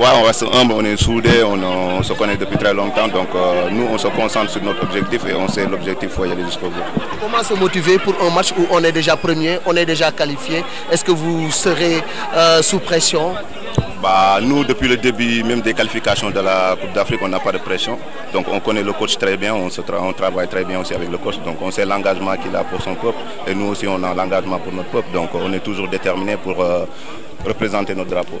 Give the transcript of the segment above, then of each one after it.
ouais, on reste humble, on est soudés, on, on, se connaît depuis très longtemps. Donc euh, nous, on se concentre sur notre objectif et on sait l'objectif, il faut y aller jusqu'au bout. Comment se motiver pour un match où on est déjà premier, on est déjà qualifié Est-ce que vous serez euh, sous pression bah, nous, depuis le début même des qualifications de la Coupe d'Afrique, on n'a pas de pression. Donc on connaît le coach très bien, on, se tra on travaille très bien aussi avec le coach. Donc on sait l'engagement qu'il a pour son peuple et nous aussi on a l'engagement pour notre peuple. Donc on est toujours déterminé pour euh, représenter notre drapeau.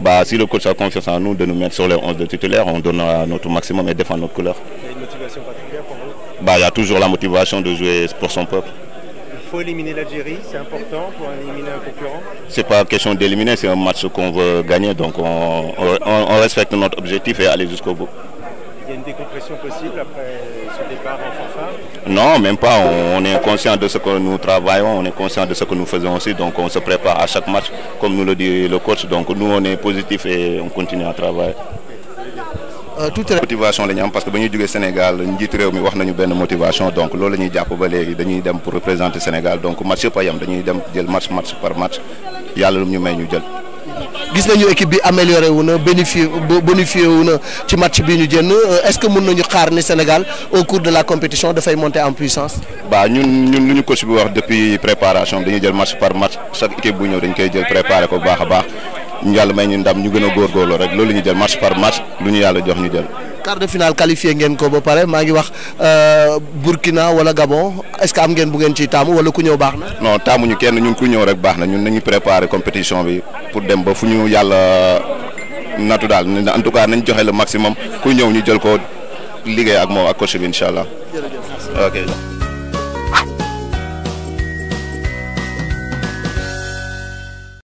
Bah, si le coach a confiance en nous de nous mettre sur les 11 de titulaire, on notre maximum et défend notre couleur. bah, Il a toujours la motivation de jouer pour son peuple. Il faut éliminer l'Algérie, c'est important pour un concurrent C'est un match qu'on veut gagner, donc on respecte notre objectif et aller jusqu'au bout. y a une décompression possible après ce Non, même pas. On, est conscient de ce que nous travaillons, on est conscient de ce que nous faisons aussi. Donc on se prépare à chaque match, comme nous le dit le coach. Donc nous, on est positif et on continue à travailler. Euh, am parce que ba ñuy jógee Sénégal njiitu réew mi wax nañu benn motivation donc loolu la ñuy jàpp ba léegi dañuy dem pour représenter Sénégal donc match yëpp a yem dañuy dem jël match match par match yàlla lu ñu may ñu jël. gis nañu équipe bi amélioré wu na bénéfié bonifié wu na ci match bi ñu jënn euh, est-ce que mun nañu xaar ni Sénégal au cours de la compétition dafay monter en puissance. waaw ñun ñun lu ñu coach bi wax depuis préparation dañu jël match par match chaque équipe bu ñëw dañ koy jël préparé ko bu baax a baax. ñu yàlla may ñu ndam ñu gën a góorgóorlu rek loolu ñu jël match par match lu ñu yàlla jox ñu jël. quart de finale qualifié ngeen ko ba pare maa ngi wax euh, Burkina wala Gabon est-ce que am ngeen bu ngeen ciy taamu wala ku ñëw baax na. non ñu kenn ñun ku ñëw rek baax na ñun na ñu préparer compétition bi pour dem ba fu ñu yàlla natu daal en tout cas nañ joxe le maximum ku ñëw ñu jël ko liggéey ak moom ak coach bi incha allah.